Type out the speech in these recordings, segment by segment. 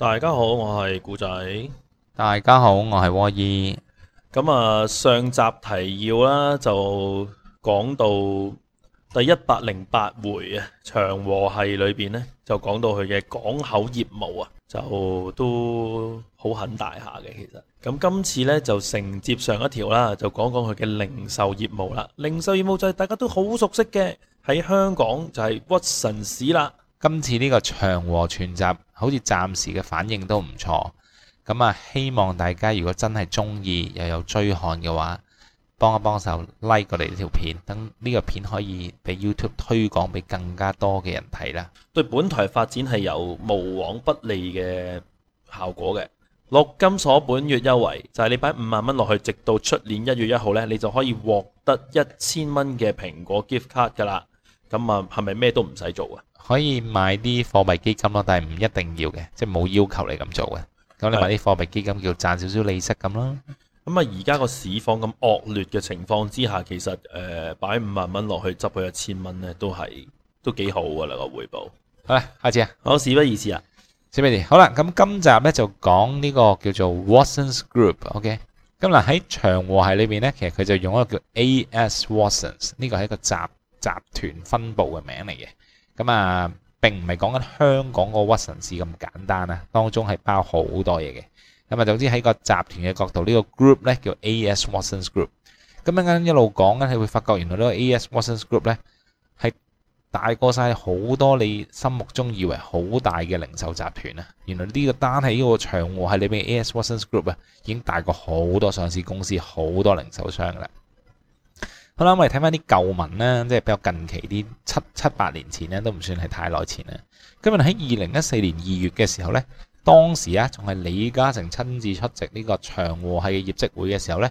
大家好，我係古仔。大家好，我係沃爾。咁啊，上集提要啦，就講到第一百零八回啊，長和係裏邊呢，就講到佢嘅港口業務啊，就都好很大下嘅。其實，咁今次呢，就承接上一條啦，就講講佢嘅零售業務啦。零售業務就係大家都好熟悉嘅，喺香港就係屈臣氏啦。今次呢個長和全集。好似暫時嘅反應都唔錯，咁啊，希望大家如果真係中意又有追看嘅話，幫一幫手 like 過嚟條片，等呢個片可以俾 YouTube 推廣俾更加多嘅人睇啦。對本台發展係有無往不利嘅效果嘅。陸金所本月優惠就係、是、你擺五萬蚊落去，直到出年一月一號呢，你就可以獲得一千蚊嘅蘋果 gift card 噶啦。咁啊，係咪咩都唔使做啊？可以買啲貨幣基金咯，但係唔一定要嘅，即係冇要求你咁做嘅。咁你買啲貨幣基金的叫賺少少利息咁啦。咁啊，而家個市況咁惡劣嘅情況之下，其實誒擺五萬蚊落去執佢一千蚊咧，都係都幾好噶啦個回報。好啦下次啊，好，事不宜遲啊，小美哋。好啦，咁今集咧就講呢個叫做 Watsons Group，OK？咁嗱喺長和喺裏邊咧，其實佢就用一個叫 A S Watsons，呢個係一個集集團分佈嘅名嚟嘅。咁啊，並唔係講緊香港個屈臣氏咁簡單啊，當中係包好多嘢嘅。咁啊，總之喺個集團嘅角度，呢個 group 咧叫 A.S. Watsons Group。咁一啱一路講緊，你會發覺原來呢個 A.S. Watsons Group 咧係大過晒好多你心目中以為好大嘅零售集團啊！原來呢個單係呢個長和系裡面嘅 A.S. Watsons Group 啊，已經大過好多上市公司好多零售商啦。好啦，我哋睇翻啲舊聞啦，即係比較近期啲七七八年前咧，都唔算係太耐前啦。咁喺二零一四年二月嘅時候呢，當時啊，仲係李嘉誠親自出席呢個長和系嘅業績會嘅時候呢，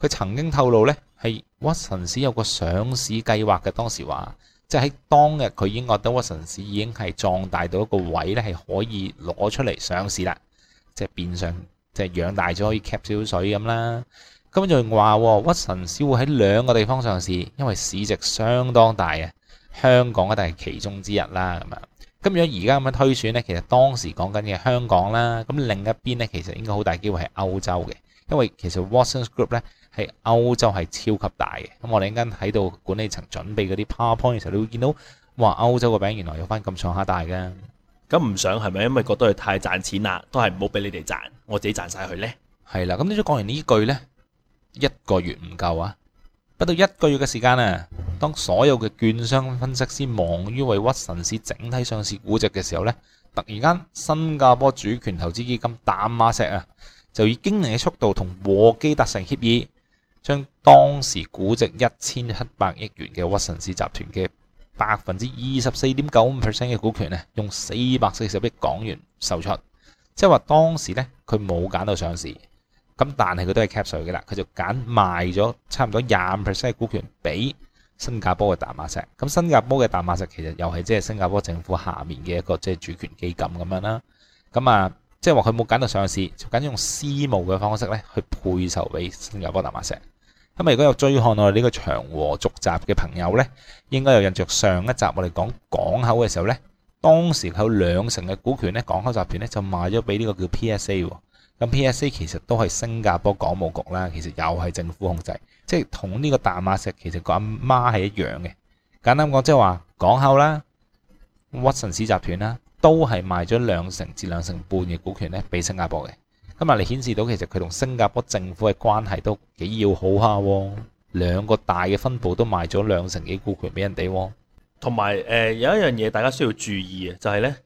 佢曾經透露係 Watsons 有個上市計劃嘅。當時話即係喺當日佢已經覺得 Watsons 已經係壯大到一個位呢，係可以攞出嚟上市啦，即係變相即係養大咗可以 cap 少少水咁啦。咁就話，Watson 似乎喺兩個地方上市，因為市值相當大呀，香港一定係其中之一啦。咁樣咁樣而家咁樣推選呢？其實當時講緊嘅香港啦，咁另一邊呢，其實應該好大機會係歐洲嘅，因為其實 Watson Group 呢係歐洲係超級大嘅。咁我哋一陣喺度管理層準備嗰啲 PowerPoint 嘅時候，你會見到話歐洲個餅原來有翻咁上下大㗎。咁唔想係咪因為覺得佢太賺錢啦，都係唔好俾你哋賺，我自己賺晒佢呢？係啦，咁呢啲講完呢句呢。一個月唔夠啊！不到一個月嘅時間啊，當所有嘅券商分析師忙於為屈臣氏整體上市估值嘅時候呢，突然間新加坡主權投資基金淡馬錫啊，就以驚人嘅速度同和記達成協議，將當時估值一千七百億元嘅屈臣氏集團嘅百分之二十四點九五 percent 嘅股權呢，用四百四十億港元售出，即係話當時呢，佢冇揀到上市。咁但係佢都係 cap 水嘅啦，佢就揀賣咗差唔多廿五 percent 嘅股權俾新加坡嘅淡馬錫。咁新加坡嘅淡馬錫其實又係即係新加坡政府下面嘅一個即係主權基金咁樣啦。咁啊，即係話佢冇揀到上市，就揀用私募嘅方式咧去配售俾新加坡淡馬錫。咁啊，如果有追看我哋呢個長和續集嘅朋友咧，應該有印象上一集我哋講港口嘅時候咧，當時佢有兩成嘅股權咧，港口集團咧就賣咗俾呢個叫 PSA 喎。咁 PSA 其實都係新加坡港務局啦，其實又係政府控制，即係同呢個淡馬錫其實個阿媽係一樣嘅。簡單講，即係話港口啦、屈臣氏集團啦，都係賣咗兩成至兩成半嘅股權咧俾新加坡嘅。今日嚟顯示到，其實佢同新加坡政府嘅關係都幾要好下、啊，兩個大嘅分部都賣咗兩成幾股權俾人哋、啊。同埋誒，有一樣嘢大家需要注意嘅就係、是、呢。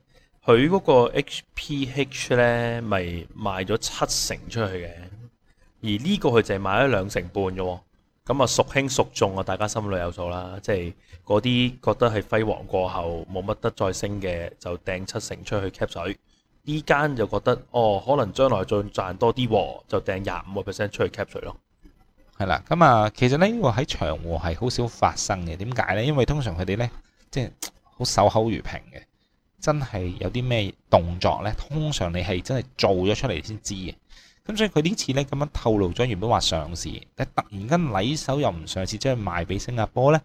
佢嗰個 HPH 咧，咪、就是、賣咗七成出去嘅，而呢個佢淨係賣咗兩成半嘅。咁啊，孰輕孰重啊，大家心裏有數啦。即係嗰啲覺得係輝煌過後冇乜得再升嘅，就掟七成出去 cap 水；呢間、嗯、就覺得哦，可能將來再賺多啲，就掟廿五個 percent 出去 cap 水咯。係啦，咁啊，其實呢個喺長和係好少發生嘅。點解呢？因為通常佢哋呢，即係好守口如瓶嘅。真係有啲咩動作呢？通常你係真係做咗出嚟先知嘅，咁所以佢呢次呢，咁樣透露咗原本話上市，但突然間禮手又唔上市，將賣俾新加坡呢。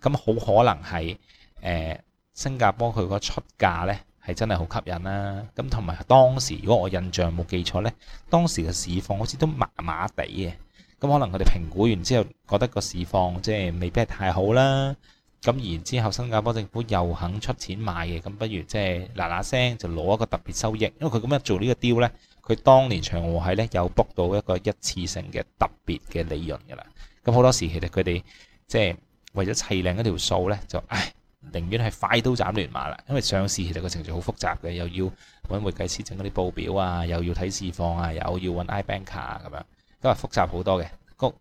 咁好可能係誒、欸、新加坡佢個出價呢係真係好吸引啦、啊。咁同埋當時如果我印象冇記錯呢，當時嘅市況好似都麻麻地嘅，咁可能佢哋評估完之後覺得個市況即係未必係太好啦。咁然之後，新加坡政府又肯出錢買嘅，咁不如即係嗱嗱聲就攞一個特別收益，因為佢咁樣做呢個雕呢，佢當年長和係呢，又 book 到一個一次性嘅特別嘅利潤噶啦。咁好多時其實佢哋即係為咗砌靚一條數呢，就唉，寧願係快刀斬亂麻啦。因為上市其實個程序好複雜嘅，又要揾會計師整嗰啲報表啊，又要睇市況啊，又要揾 IBank 卡、er、咁、啊、樣，都係複雜好多嘅，那個、可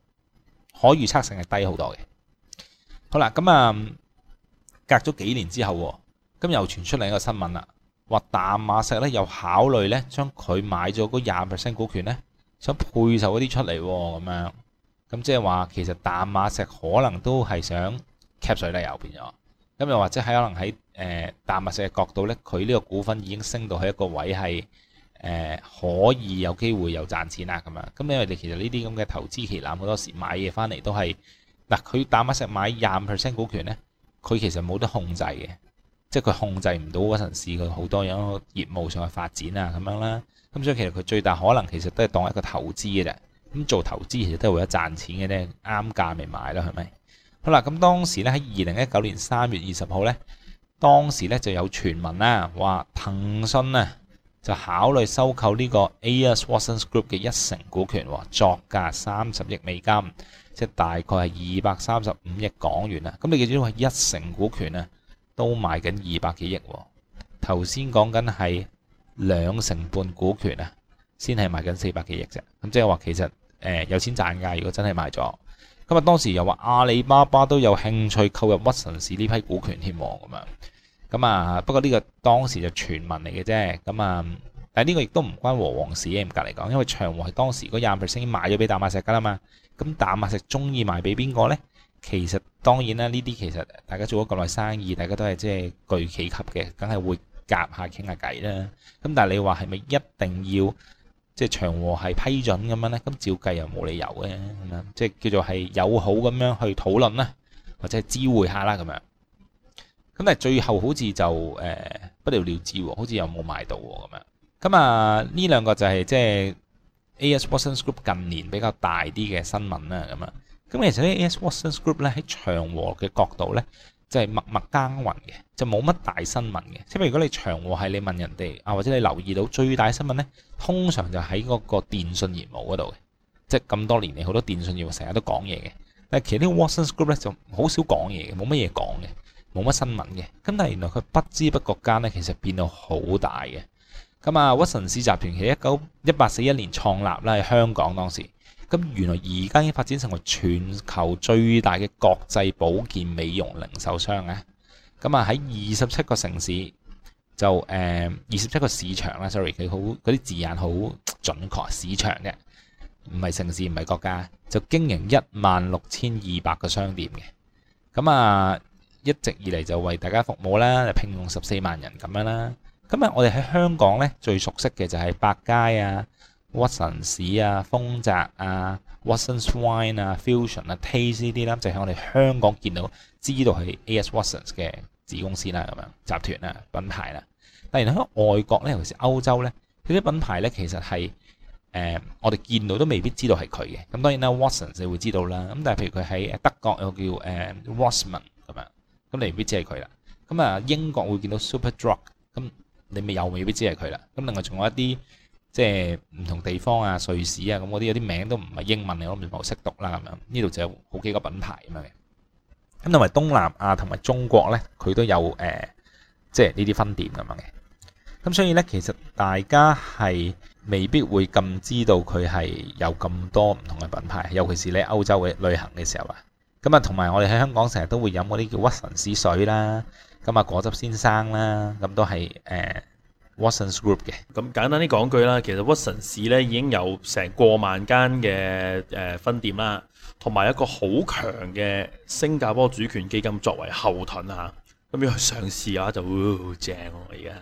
可預測性係低好多嘅。好啦，咁啊，隔咗幾年之後，咁又傳出另一個新聞啦，話淡馬錫咧又考慮咧將佢買咗嗰廿 percent 股權咧，想配售嗰啲出嚟喎，咁樣，咁即係話其實淡馬錫可能都係想吸水啦，又變咗。咁又或者喺可能喺誒淡馬錫嘅角度咧，佢呢個股份已經升到喺一個位係誒可以有機會又賺錢啦，咁樣。咁因為你其實呢啲咁嘅投資旗艦好多時買嘢返嚟都係。嗱，佢打乜石買廿五 percent 股權咧？佢其實冇得控制嘅，即係佢控制唔到嗰陣時佢好多樣業務上去發展啊，咁樣啦。咁所以其實佢最大可能其實都係當一個投資嘅啫。咁做投資其實都係為咗賺錢嘅啫，啱價咪買啦，係咪？好啦，咁當時咧喺二零一九年三月二十號咧，當時咧就有傳聞啦，話騰訊啊就考慮收購呢個 A.S. Watson Group 嘅一成股權喎，作價三十億美金。即大概係二百三十五億港元啦，咁你記住，因為一成股權啊都賣緊二百幾億，頭先講緊係兩成半股權啊，先係賣緊四百幾億啫，咁即係話其實誒、呃、有錢賺㗎，如果真係賣咗，咁啊當時又話阿里巴巴都有興趣購入屈臣氏呢批股權，添喎咁樣，咁啊不過呢個當時就傳聞嚟嘅啫，咁啊。但呢個亦都唔關和黃市嘅唔隔嚟講，因為長和係當時嗰廿萬 percent 賣咗俾淡馬錫噶啦嘛。咁淡馬錫中意賣俾邊個呢？其實當然啦，呢啲其實大家做咗咁耐生意，大家都係即係巨企級嘅，梗係會夾下傾下偈啦。咁但係你話係咪一定要即係、就是、長和係批准咁樣呢？咁照計又冇理由嘅，即係叫做係友好咁樣去討論啦，或者係知會下啦咁樣。咁但係最後好似就誒、呃、不了了之喎，好似又冇賣到喎咁樣。咁啊，呢兩個就係即係 A. S. Watson Group 近年比較大啲嘅新聞啦。咁啊，咁其實 A. S. Watson Group 咧喺長和嘅角度咧，就係默默耕耘嘅，就冇乜大新聞嘅。因為如果你長和係你問人哋啊，或者你留意到最大新聞咧，通常就喺嗰個電信業務嗰度嘅，即係咁多年嚟好多電信業務成日都講嘢嘅。但係其實呢 Watson Group 咧就好少講嘢嘅，冇乜嘢講嘅，冇乜新聞嘅。咁但係原來佢不知不覺間咧，其實變到好大嘅。咁啊，屈臣氏集團喺一九一八四一年創立啦，喺香港當時。咁原來而家已經發展成為全球最大嘅國際保健美容零售商。咁啊，喺二十七個城市，就誒二十七個市場啦，sorry，佢好嗰啲字眼好準確，市場嘅，唔係城市，唔係國家，就經營一萬六千二百個商店嘅。咁啊，一直以嚟就為大家服務啦，聘用十四萬人咁樣啦。咁啊！我哋喺香港咧最熟悉嘅就係百佳啊、Watsons 啊、豐澤啊、Watsons Wine 啊、Fusion 啊、Taste 呢啲啦，就係我哋香港見到、知道係 AS Watsons 嘅子公司啦，咁樣集團啦、品牌啦。但係喺外國咧，尤其是歐洲咧，佢啲品牌咧其實係誒我哋見到都未必知道係佢嘅。咁當然啦，Watsons 你會知道啦。咁但係譬如佢喺德國又叫誒 Rossmann 咁樣，咁你未必知係佢啦。咁啊英國會見到 Superdrug 咁。你咪又未必知係佢啦，咁另外仲有一啲即係唔同地方啊、瑞士啊咁嗰啲有啲名都唔係英文，我唔係好識讀啦咁樣。呢度就有好幾個品牌咁樣嘅，咁同埋東南亞同埋中國呢，佢都有、呃、即係呢啲分店咁樣嘅。咁所以呢，其實大家係未必會咁知道佢係有咁多唔同嘅品牌，尤其是你喺歐洲嘅旅行嘅時候啊。咁啊，同埋我哋喺香港成日都會飲嗰啲叫屈臣氏水啦。咁啊果汁先生啦，咁都係誒、呃、Watsons Group 嘅。咁簡單啲講句啦，其實 Watsons 市咧已經有成過萬間嘅誒分店啦，同埋一個好強嘅新加坡主權基金作為後盾下，咁要去上市嘅話，就正喎！而家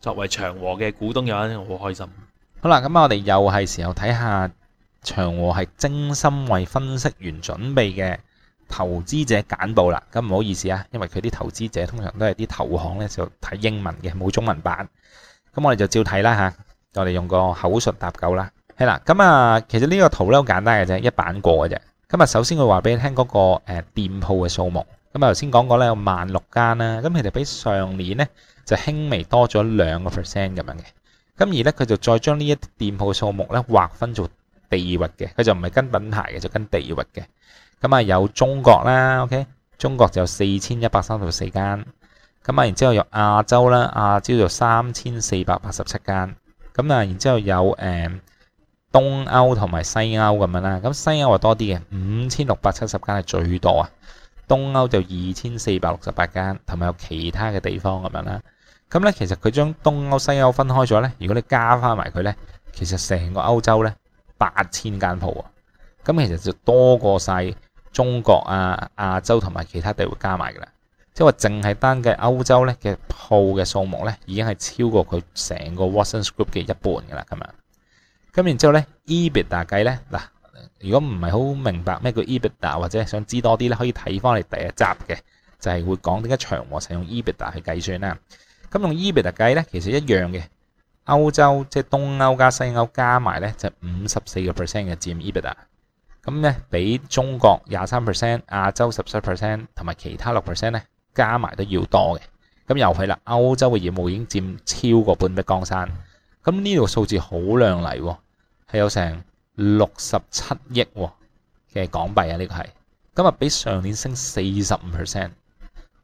作為長和嘅股東，有一好開心。好啦，咁啊我哋又係時候睇下長和係精心為分析員準備嘅。投資者簡報啦，咁唔好意思啊，因為佢啲投資者通常都係啲投行咧就睇英文嘅，冇中文版，咁我哋就照睇啦嚇，我哋用個口述搭救啦，係啦，咁啊，其實呢個圖咧好簡單嘅啫，一版過嘅啫，咁啊首先我話俾你聽嗰個誒店鋪嘅數目，咁啊頭先講過咧有萬六間啦，咁其實比上年咧就輕微多咗兩個 percent 咁樣嘅，咁而咧佢就再將呢一啲店鋪嘅數目咧劃分做。地域嘅，佢就唔係跟品牌嘅，就跟地域嘅。咁啊，有中國啦，OK，中國就有四千一百三十四間。咁啊，然之後有亞洲啦，亞洲就三千四百八十七間。咁啊，然之後有誒東歐同埋西歐咁樣啦。咁西歐係多啲嘅五千六百七十間係最多啊，東歐就二千四百六十八間，同埋有其他嘅地方咁樣啦。咁咧，其實佢將東歐西歐分開咗咧。如果你加返埋佢咧，其實成個歐洲咧。八千間鋪啊，咁其實就多過晒中國啊、亞洲同埋其他地會加埋㗎啦。即係話淨係單計歐洲咧嘅鋪嘅數目咧，已經係超過佢成個 Watson s c r o u p 嘅一半㗎啦。咁啊，咁然後之後咧，EBIT 大計咧，嗱，如果唔係好明白咩叫 EBIT 大，或者想知道多啲咧，可以睇翻你第一集嘅，就係、是、會講點解長和使用 EBIT 大去計算啦。咁用 EBIT 大計咧，其實一樣嘅。歐洲即係東歐加西歐加埋咧，就五十四個 percent 嘅佔 EBITDA，咁咧比中國廿三 percent、亞洲十七 percent 同埋其他六 percent 咧加埋都要多嘅，咁又係啦。歐洲嘅業務已經佔超過半壁江山，咁呢度數字好亮麗喎，係、啊、有成六十七億嘅港幣啊！呢、呢個係今日比上年升四十五 percent，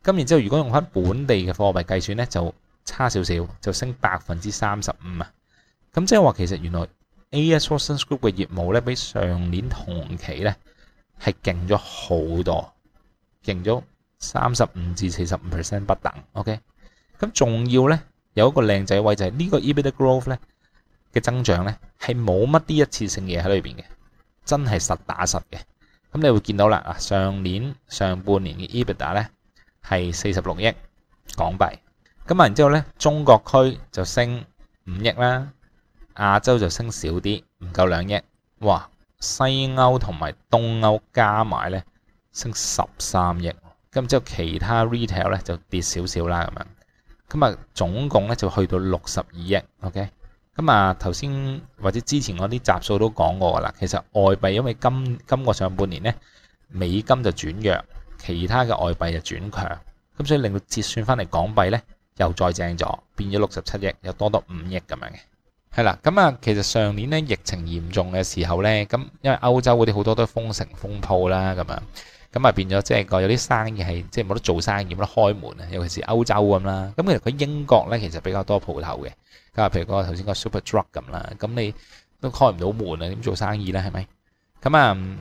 咁然之後如果用翻本地嘅貨幣計算咧，就差少少就升百分之三十五啊！咁即係話，其實原來 A.S. Watson Group 嘅業務咧，比上年同期咧係勁咗好多，勁咗三十五至四十五 percent 不等。OK，咁仲要咧有一個靚仔位，就係呢個 EBITDA growth 咧嘅增長咧係冇乜啲一次性嘢喺裏邊嘅，真係實打實嘅。咁你會見到啦，啊上年上半年嘅 EBITDA 咧係四十六億港幣。咁然之後咧，中國區就升五億啦，亞洲就升少啲，唔夠兩億。哇，西歐同埋東歐加埋咧，升十三億。咁之後其他 retail 咧就跌少少啦，咁樣。咁啊，總共咧就去到六十二億。OK。咁啊，頭先或者之前嗰啲集數都講過噶啦。其實外幣因為今今個上半年咧，美金就轉弱，其他嘅外幣就轉強。咁所以令到折算翻嚟港幣咧。又再正咗，變咗六十七億，又多到五億咁樣嘅，係啦。咁啊，其實上年咧疫情嚴重嘅時候咧，咁因為歐洲嗰啲好多都封城封鋪啦，咁啊，咁啊變咗即係個有啲生意係即係冇得做生意，冇得開門啊，尤其是歐洲咁啦。咁其實佢英國咧其實比較多鋪頭嘅，咁啊，譬如嗰個頭先個 Super Drug 咁啦，咁你都開唔到門啊，點做生意咧？係咪？咁啊。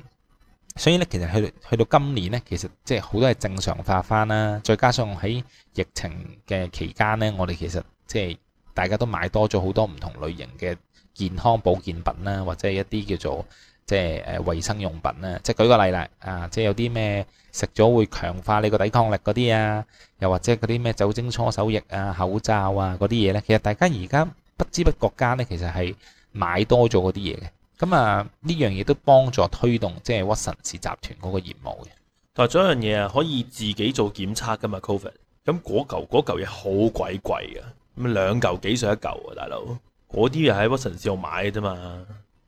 所以咧，其實去去到今年呢，其實即係好多係正常化翻啦。再加上喺疫情嘅期間呢，我哋其實即係大家都買多咗好多唔同類型嘅健康保健品啦，或者一啲叫做即係誒衞生用品啦。即係舉個例啦，啊，即係有啲咩食咗會強化你個抵抗力嗰啲啊，又或者嗰啲咩酒精搓手液啊、口罩啊嗰啲嘢呢。其實大家而家不知不覺間呢，其實係買多咗嗰啲嘢嘅。咁啊，呢樣嘢都幫助推動即係屈臣氏集團嗰個業務嘅。但係仲有樣嘢啊，可以自己做檢測噶嘛？Covid，咁嗰嚿嗰嚿嘢好鬼貴啊。咁兩嚿幾碎一嚿啊，大佬。嗰啲啊喺屈臣氏度買嘅啫嘛。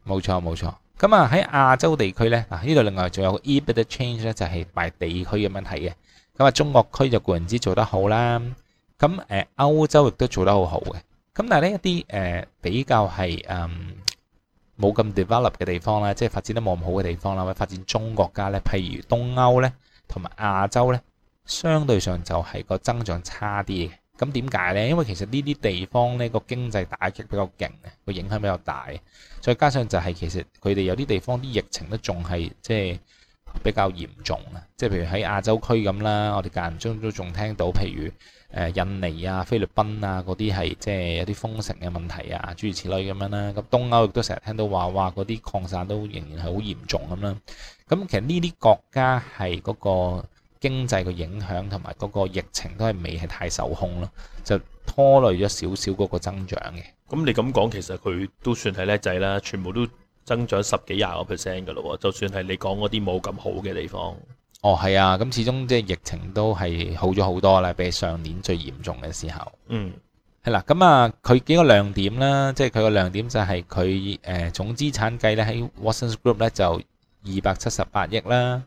冇錯冇錯。咁啊喺亞洲地區咧，嗱呢度另外仲有個 Ebit Change 咧，就係、是、賣地區嘅問題嘅。咁啊中國區就固然之做得好啦。咁誒歐洲亦都做得好好嘅。咁但係呢一啲、呃、比較係誒。嗯冇咁 develop 嘅地方啦，即係發展得冇咁好嘅地方啦，或者發展中國家呢，譬如東歐呢，同埋亞洲呢，相對上就係個增長差啲嘅。咁點解呢？因為其實呢啲地方呢個經濟打擊比較勁啊，個影響比較大，再加上就係其實佢哋有啲地方啲疫情都仲係即係比較嚴重啊，即係譬如喺亞洲區咁啦，我哋間中都仲聽到譬如，印尼啊、菲律賓啊嗰啲係即係有啲封城嘅問題啊，諸如此類咁樣啦。咁東歐亦都成日聽到話，哇嗰啲擴散都仍然係好嚴重咁啦。咁其實呢啲國家係嗰個經濟嘅影響同埋嗰個疫情都係未係太受控咯，就拖累咗少少嗰個增長嘅。咁你咁講，其實佢都算係叻仔啦，全部都增長十幾廿個 percent 㗎咯。就算係你講嗰啲冇咁好嘅地方。哦，係啊，咁始終即係疫情都係好咗好多啦，比上年最嚴重嘅時候。嗯，係啦，咁啊，佢、嗯、幾個亮點啦，即係佢個亮點就係佢誒總資產計咧，喺 Watsons Group 咧就二百七十八億啦，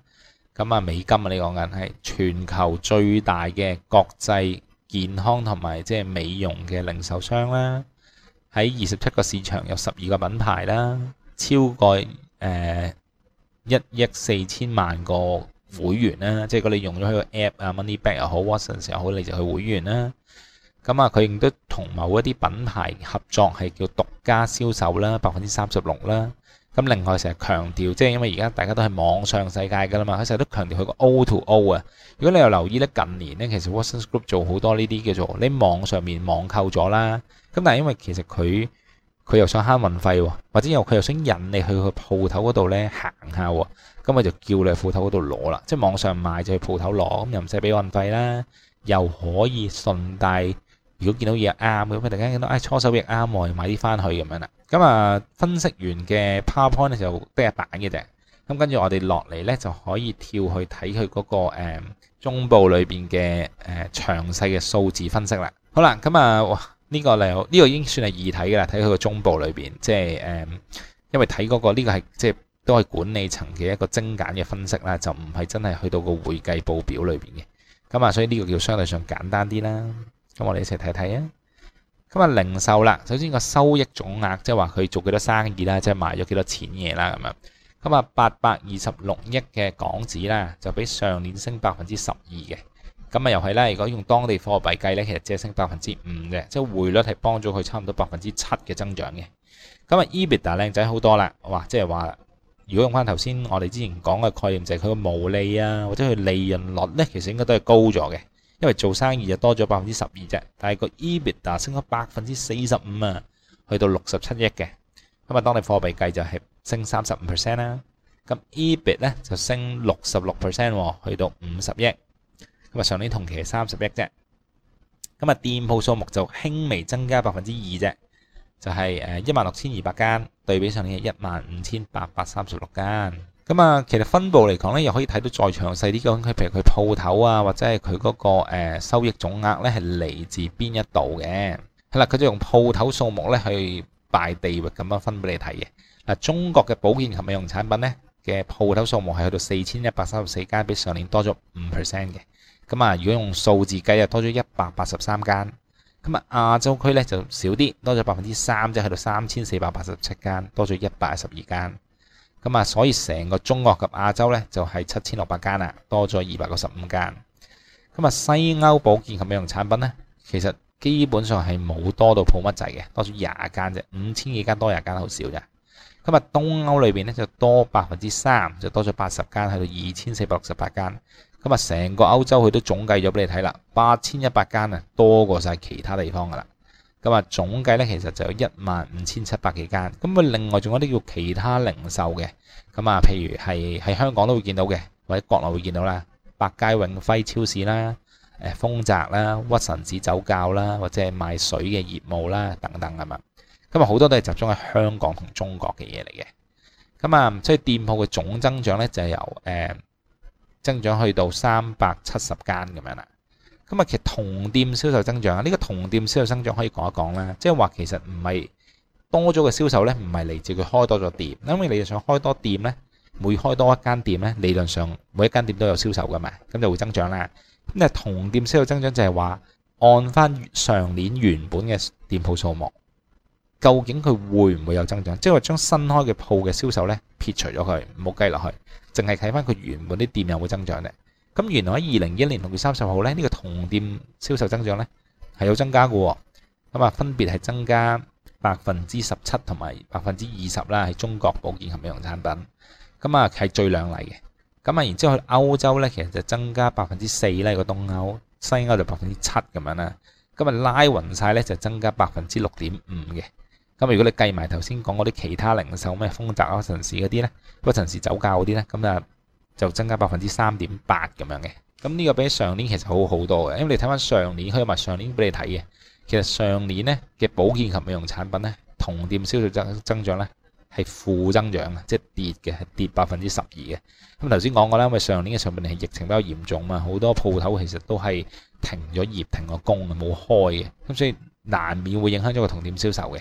咁、嗯、啊美金啊，你講緊係全球最大嘅國際健康同埋即係美容嘅零售商啦，喺二十七個市場有十二個品牌啦，超過誒一億四千萬個會員啦，即係如果你用咗佢個 app 啊，MoneyBack 又好，Watsons 又好，你就去會員啦。咁、嗯、啊，佢亦都同某一啲品牌合作，係叫獨家銷售啦，百分之三十六啦。咁、嗯、另外成日強調，即係因為而家大家都係網上世界㗎啦嘛，佢成日都強調佢個 O to O 啊。如果你又留意咧，近年咧其實 Watsons Group 做好多呢啲叫做你網上面網購咗啦。咁但係因為其實佢。佢又想慳運費喎，或者又佢又想引你去佢鋪頭嗰度咧行下喎，咁佢就叫你鋪頭嗰度攞啦，即係網上買就去鋪頭攞，咁又唔使俾運費啦，又可以順帶如果見到嘢啱咁，大突然間見到唉、哎、搓手液啱喎，又買啲翻去咁樣啦。咁啊，分析完嘅 PowerPoint 咧就得一版嘅啫，咁跟住我哋落嚟咧就可以跳去睇佢嗰個、嗯、中部裏面嘅誒、嗯、詳細嘅數字分析啦。好啦，咁啊。哇呢、這個嚟，呢、這個已經算係易睇噶啦，睇佢個中報裏邊，即係誒、嗯，因為睇嗰、那個呢、這個係即係都係管理層嘅一個精簡嘅分析啦，就唔係真係去到個會計報表裏邊嘅。咁啊，所以呢個叫相對上簡單啲啦。咁我哋一齊睇睇啊。咁啊，零售啦，首先個收益總額，即係話佢做幾多少生意啦，即係賣咗幾多少錢嘢啦咁樣。咁啊，八百二十六億嘅港紙啦，就比上年升百分之十二嘅。咁啊，又係呢？如果用當地貨幣計咧，其實只係升百分之五嘅，即係匯率係幫咗佢差唔多百分之七嘅增長嘅。咁啊，EBITDA 靚仔好多啦，哇！即係話，如果用翻頭先我哋之前講嘅概念，就係佢嘅毛利啊，或者佢利潤率咧，其實應該都係高咗嘅，因為做生意就多咗百分之十二啫。但係個 EBITDA 升咗百分之四十五啊，去到六十七億嘅。咁啊，當地貨幣計就係升三十五 percent 啦。咁啊，EBIT 咧就升六十六 percent 喎，去到五十億。咁啊，上年同期係三十億啫。咁啊，店鋪數目就輕微增加百分之二啫，就係誒一萬六千二百間對比上年嘅一萬五千八百三十六間。咁啊，其實分佈嚟講咧，又可以睇到再詳細啲究竟，佢譬如佢鋪頭啊，或者係佢嗰個誒收益總額咧，係嚟自邊一度嘅係啦。佢就用鋪頭數目咧去拜地域咁樣分俾你睇嘅嗱。中國嘅保健及美容產品咧嘅鋪頭數目係去到四千一百三十四間，比上年多咗五 percent 嘅。咁啊，如果用數字計啊，多咗一百八十三間。咁啊，亞洲區咧就少啲，多咗百分之三啫，去到三千四百八十七間，多咗一百十二間。咁啊，所以成個中國及亞洲咧就係七千六百間啦，多咗二百六十五間。咁啊，西歐保健及美容產品咧，其實基本上係冇多到破乜滯嘅，多咗廿間啫，五千幾間多廿間好少啫。咁啊，東歐裏邊咧就多百分之三，就多咗八十間，去到二千四百六十八間。咁啊，成個歐洲佢都總計咗俾你睇啦，八千一百間啊，多過晒其他地方噶啦。咁啊，總計咧，其實就有一萬五千七百幾間。咁啊，另外仲有啲叫其他零售嘅，咁啊，譬如係喺香港都會見到嘅，或者國內會見到啦，百佳永輝超市啦，誒，豐澤啦，屈臣氏酒窖啦，或者係賣水嘅業務啦，等等係嘛？咁啊，好多都係集中喺香港同中國嘅嘢嚟嘅。咁啊，所以店鋪嘅總增長咧就係由誒。增長去到三百七十間咁樣啦，咁啊，其實同店銷售增長啊，呢個同店銷售增長可以講一講啦。即係話其實唔係多咗嘅銷售呢，唔係嚟自佢開多咗店，因為你就想開多店呢，每開多一間店呢，理論上每一間店都有銷售噶嘛，咁就會增長啦。咁啊，同店銷售增長就係話按翻上年原本嘅店鋪數目。究竟佢會唔會有增長？即係話將新開嘅鋪嘅銷售咧，撇除咗佢，唔好計落去，淨係睇翻佢原本啲店有冇增長呢？咁原來喺二零一年六月三十號呢，呢、呢個同店銷售增長呢係有增加嘅、哦。咁啊，分別係增加百分之十七同埋百分之二十啦，係中國保健及美容產品。咁啊係最靚麗嘅。咁啊，然之後去歐洲呢，其實就增加百分之四啦，個東歐西歐就百分之七咁樣啦。咁啊拉勻晒呢，就增加百分之六點五嘅。咁如果你計埋頭先講嗰啲其他零售咩豐澤啊、屈臣氏嗰啲呢，屈臣氏酒窖嗰啲呢，咁啊就增加百分之三點八咁樣嘅。咁呢個比上年其實好好多嘅，因為你睇翻上年，開埋上年俾你睇嘅，其實上年呢嘅保健及美容產品呢，同店銷售增增長呢係負增長即係、就是、跌嘅，係跌百分之十二嘅。咁頭先講過啦，因為上年嘅上半年係疫情比較嚴重啊，好多鋪頭其實都係停咗業、停咗工啊，冇開嘅，咁所以難免會影響咗個同店銷售嘅。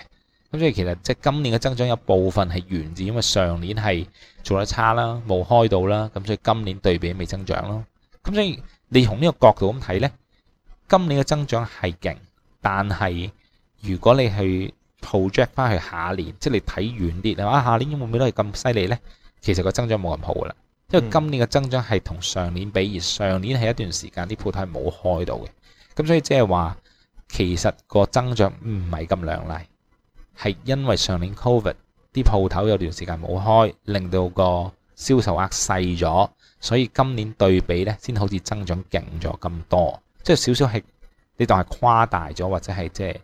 咁所以其實即係今年嘅增長有部分係源自，因為上年係做得差啦，冇開到啦。咁所以今年對比未增長咯。咁所以你從呢個角度咁睇呢，今年嘅增長係勁，但係如果你去 project 翻去下年，即係你睇遠啲你話啊，下年會唔會都係咁犀利呢？其實個增長冇咁好噶啦，因為今年嘅增長係同上年比，而上年係一段時間啲鋪頭係冇開到嘅。咁所以即係話，其實個增長唔係咁亮麗。係因為上年 COVID 啲鋪頭有段時間冇開，令到個銷售額細咗，所以今年對比呢先好似增長勁咗咁多。即係少少係你當係誇大咗，或者係即係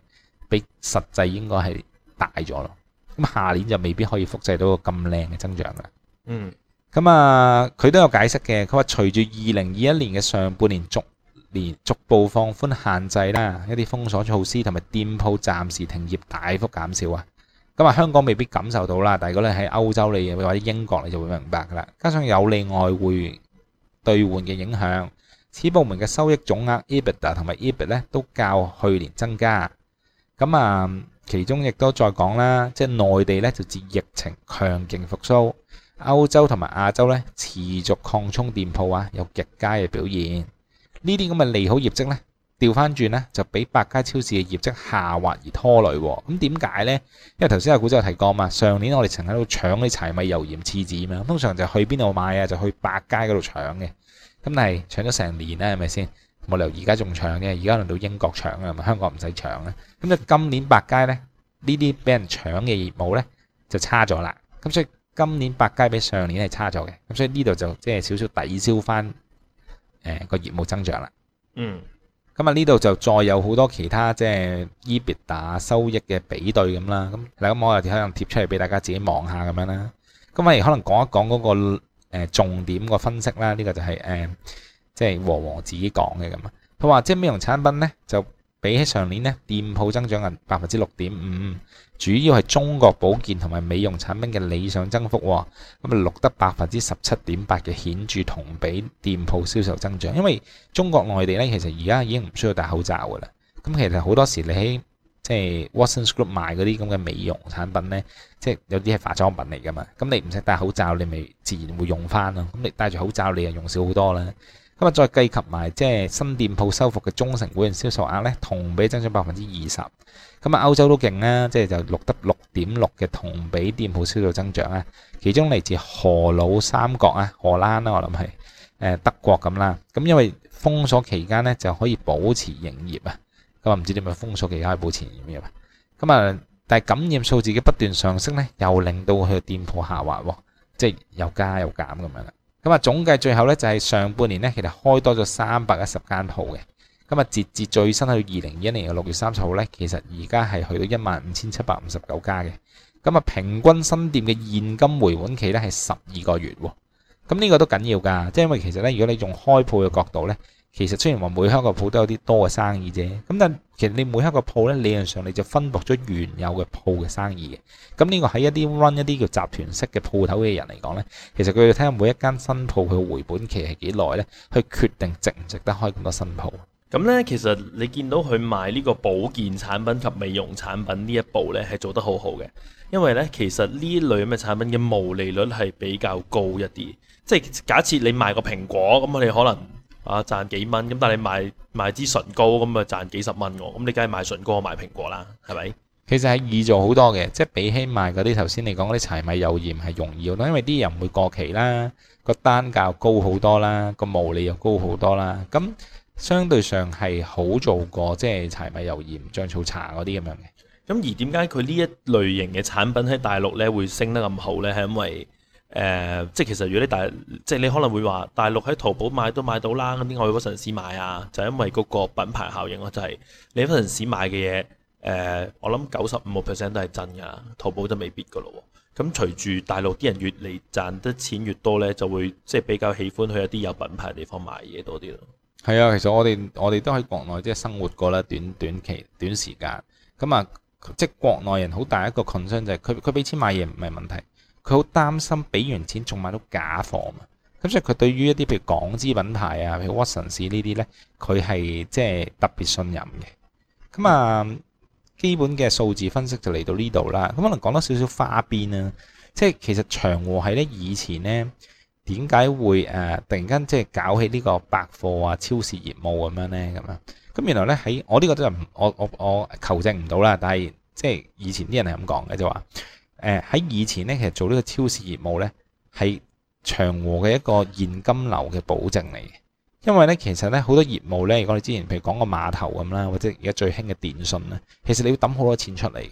比實際應該係大咗咯。咁下年就未必可以複製到個咁靚嘅增長啦。嗯，咁啊，佢都有解釋嘅。佢話隨住二零二一年嘅上半年續。連逐步放寬限制啦，一啲封鎖措施同埋店鋪暫時停業大幅減少啊。咁啊，香港未必感受到啦，但係如果你喺歐洲你或者英國你就會明白㗎喇。加上有利外匯兌換嘅影響，此部門嘅收益總額 EBIT 同埋 EBIT 咧都較去年增加。咁啊，其中亦都再講啦，即係內地咧就自疫情強勁復甦，歐洲同埋亞洲咧持續擴充店鋪啊，有極佳嘅表現。呢啲咁嘅利好業績呢，調翻轉呢，就俾百佳超市嘅業績下滑而拖累。咁點解呢？因為頭先阿古仔有提過嘛。上年我哋曾喺度搶啲柴米油鹽廁紙啊嘛，通常就去邊度買啊？就去百佳嗰度搶嘅。咁但係搶咗成年啦，係咪先？冇理由而家仲搶嘅，而家輪到英國搶啊嘛，香港唔使搶啦。咁就今年百佳呢，呢啲俾人搶嘅業務呢，就差咗啦。咁所以今年百佳比上年係差咗嘅。咁所以呢度就即係少少抵消翻。誒，個業務增長啦，嗯，咁啊呢度就再有好多其他即係 EBITDA 收益嘅比對咁啦，咁嗱，咁我又可能貼出嚟俾大家自己望下咁樣啦，咁咪可能講一講嗰、那個誒、呃、重點個分析啦，呢、這個就係誒即係和和自己講嘅咁啊，佢話即係美容產品咧就比起上年咧店鋪增長近百分之六點五。主要係中國保健同埋美容產品嘅理想增幅，咁啊錄得百分之十七點八嘅顯著同比店鋪銷售增長。因為中國內地呢，其實而家已經唔需要戴口罩噶啦。咁其實好多時你喺即係、就是、Watsons Group 賣嗰啲咁嘅美容產品呢，即、就、係、是、有啲係化妝品嚟噶嘛。咁你唔使戴口罩，你咪自然會用翻咯。咁你戴住口罩，你又用少好多啦。咁啊，再計及埋即係新店鋪收復嘅中成會員銷售額咧，同比增長百分之二十。咁啊，歐洲都勁啦，即係就錄得六點六嘅同比店鋪銷售增長啊。其中嚟自荷魯三角啊，荷蘭啦，我諗係誒德國咁啦。咁因為封鎖期間咧，就可以保持營業啊。咁啊，唔知點樣封鎖期間可以保持營業啊？咁啊，但係感染數字嘅不斷上升咧，又令到佢店鋪下滑喎，即係又加又減咁樣啦。咁啊，總計最後咧就係上半年咧，其實開多咗三百一十間鋪嘅。咁啊，截至最新去二零二一年嘅六月三十號咧，其實而家係去到一萬五千七百五十九家嘅。咁啊，平均新店嘅現金回款期咧係十二個月喎。咁呢個都緊要㗎，即係因為其實咧，如果你用開鋪嘅角度咧。其實雖然話每一個鋪都有啲多嘅生意啫，咁但其實你每一個鋪呢，理論上你就分薄咗原有嘅鋪嘅生意嘅。咁呢個喺一啲 run 一啲叫集團式嘅鋪頭嘅人嚟講呢，其實佢要睇下每一間新鋪佢回本期係幾耐呢，去決定值唔值得開咁多新鋪。咁呢，其實你見到佢賣呢個保健產品及美容產品呢一步呢，係做得好好嘅，因為呢，其實呢類咁嘅產品嘅毛利率係比較高一啲，即係假設你賣個蘋果咁，那你可能。啊賺幾蚊咁，但係你賣賣支唇膏咁啊賺幾十蚊咁，你梗係賣唇膏，賣蘋果啦，係咪？其實係易做好多嘅，即係比起賣嗰啲頭先你講嗰啲柴米油鹽係容易好多，因為啲人唔會過期啦，個單價高好多啦，個毛利又高好多啦，咁相對上係好做過即係柴米油鹽、醬醋茶嗰啲咁樣嘅。咁而點解佢呢一類型嘅產品喺大陸呢會升得咁好呢？係因為？誒、呃，即係其實如果你大，即係你可能會話大陸喺淘寶買都買到啦，咁啲海外城市買啊，就係因為嗰個品牌效應咯，就係、是、你喺城市買嘅嘢，誒、呃，我諗九十五個 percent 都係真㗎，淘寶都未必㗎咯。咁隨住大陸啲人越嚟賺得錢越多咧，就會即係比較喜歡去一啲有品牌嘅地方買嘢多啲咯。係啊，其實我哋我哋都喺國內即係生活過啦，短短期短時間，咁啊，即係國內人好大一個 concern 就係佢佢俾錢買嘢唔係問題。佢好擔心俾完錢仲買到假貨嘛，咁所以佢對於一啲譬如港資品牌啊，譬如 Watsons 呢啲咧，佢係即係特別信任嘅。咁啊，基本嘅數字分析就嚟到呢度啦。咁可能講多少少花邊啊，即係其實長和喺咧以前咧點解會誒、啊、突然間即係搞起呢個百貨啊、超市業務咁樣咧，咁咁原來咧喺我呢個都唔，我我我，我求證唔到啦。但係即係以前啲人係咁講嘅，就話。誒喺、呃、以前咧，其實做呢個超市業務咧，係長和嘅一個現金流嘅保證嚟嘅。因為咧，其實咧好多業務咧，如果你之前譬如講個碼頭咁啦，或者而家最興嘅電訊啦，其實你要揼好多錢出嚟嘅，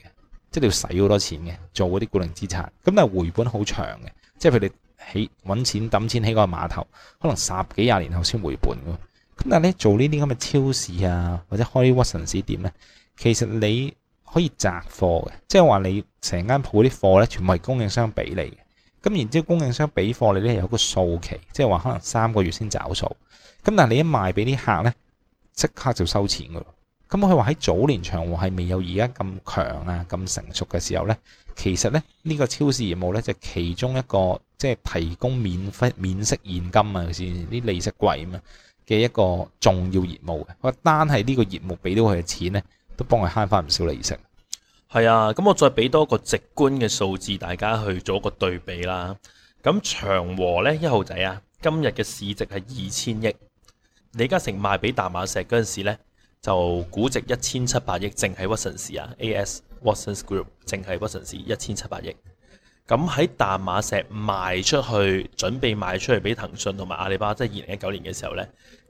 即係你要使好多錢嘅，做嗰啲固定資產。咁但係回本好長嘅，即係佢哋你起揾錢揼錢起個碼頭，可能十幾廿年後先回本喎。咁但係咧做呢啲咁嘅超市啊，或者開啲屈臣氏店咧，其實你，可以摘貨嘅，即係話你成間鋪啲貨咧，全部係供應商俾你嘅。咁然之後供應商俾貨你咧，有個數期，即係話可能三個月先找數。咁但係你一賣俾啲客咧，即刻就收錢噶。咁佢話喺早年長和係未有而家咁強啊，咁成熟嘅時候咧，其實咧呢個超市業務咧，就其中一個即係提供免費免息現金啊，先啲利息貴啊嘅一個重要業務嘅。佢單係呢個業務俾到佢嘅錢咧。都幫佢慳翻唔少利息。係啊，咁我再俾多個直觀嘅數字，大家去做一個對比啦。咁長和呢，一號仔啊，今日嘅市值係二千億。李嘉誠賣俾大馬石嗰陣時咧，就估值一千七百億，淨係屈臣氏啊，A S Watsons Group，淨係屈臣氏一千七百億。咁喺大馬石賣出去，準備賣出去俾騰訊同埋阿里巴巴，即係二零一九年嘅時候呢，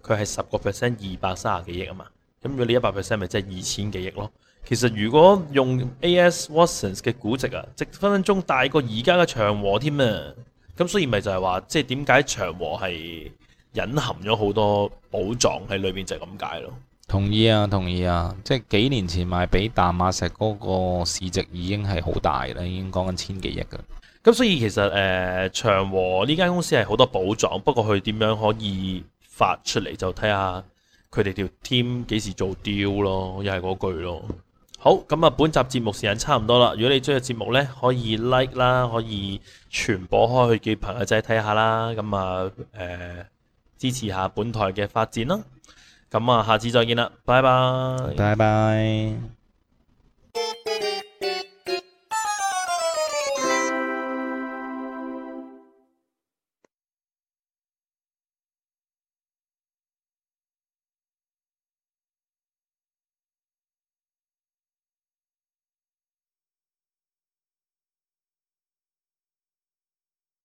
佢係十個 percent 二百三十幾億啊嘛。咁如果你一百 percent 咪即係二千幾億咯？其實如果用 A.S.Watsons 嘅估值啊，即分分鐘大過而家嘅長和添啊！咁所以咪就係話，即係點解長和係隱含咗好多寶藏喺裏面就係咁解咯。同意啊，同意啊！即係幾年前賣俾淡馬錫嗰個市值已經係好大啦，已經講緊千幾億噶。咁所以其實誒、呃、長和呢間公司係好多寶藏，不過佢點樣可以發出嚟就睇下。佢哋條 team 幾時做 deal 咯，又係嗰句咯。好，咁啊，本集節目時間差唔多啦。如果你鍾意節目呢，可以 like 啦，可以傳播開去叫朋友仔睇下啦。咁啊、呃，支持下本台嘅發展啦。咁啊，下次再見啦，拜拜，拜拜。